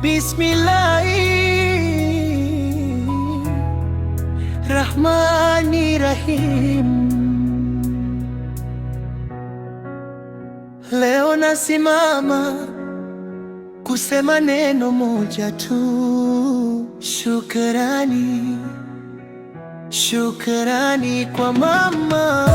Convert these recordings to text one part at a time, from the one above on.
Bismillahi Rahman Rahim. Leo nasimama kusema neno moja tu, shukrani, shukrani kwa mama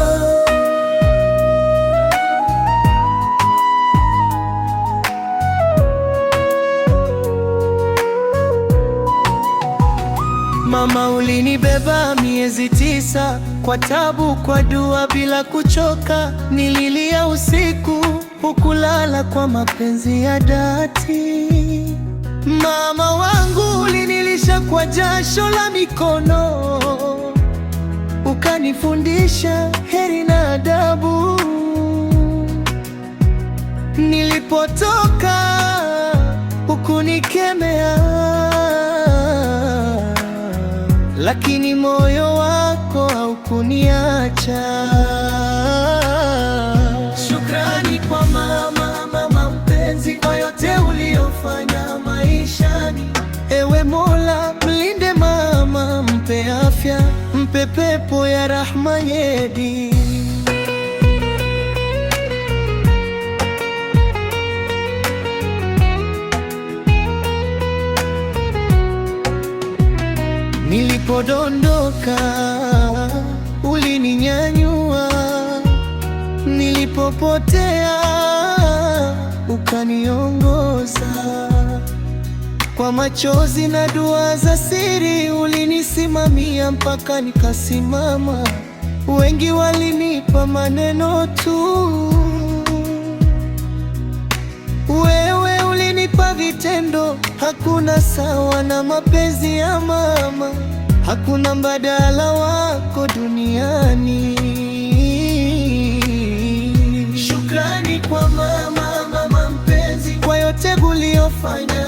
Mama, ulinibeba miezi tisa kwa tabu, kwa dua bila kuchoka, nililia usi kulala kwa mapenzi ya dhati. Mama wangu, ulinilisha kwa jasho la mikono, ukanifundisha heri na adabu. Nilipotoka hukunikemea, lakini moyo wako haukuniacha. Ewe Mola, mlinde mama, mpe afya, mpe pepo ya rahma yedi Nilipodondoka ulininyanyua, nilipopotea ukaniongoza. Kwa machozi na dua za siri ulinisimamia mpaka nikasimama. Wengi walinipa maneno tu, wewe ulinipa vitendo. Hakuna sawa na mapenzi ya mama, hakuna mbadala wako duniani. Shukrani kwa mama, mama mpenzi, kwa yote uliyofanya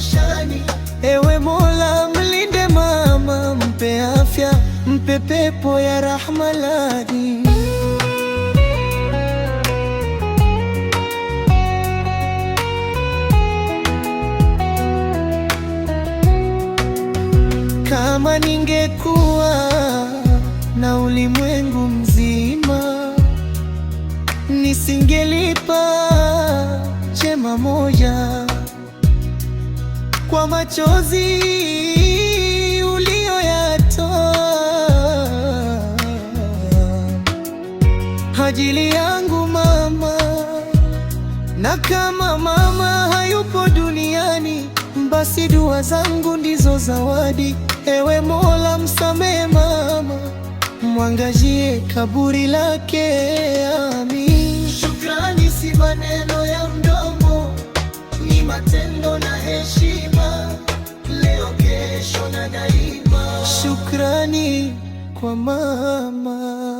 maishani. Ewe Mola, mlinde mama, mpe afya, mpe pepo ya rahma ladi Kama ningekuwa na ulimwengu mzima, nisingelipa chema moja kwa machozi uliyoyatoa ajili yangu mama, na kama mama hayupo duniani, basi dua zangu ndizo zawadi. Ewe Mola, msamehe mama, mwangazie kaburi lake. Amin. Shukrani si maneno ya Shukrani kwa mama.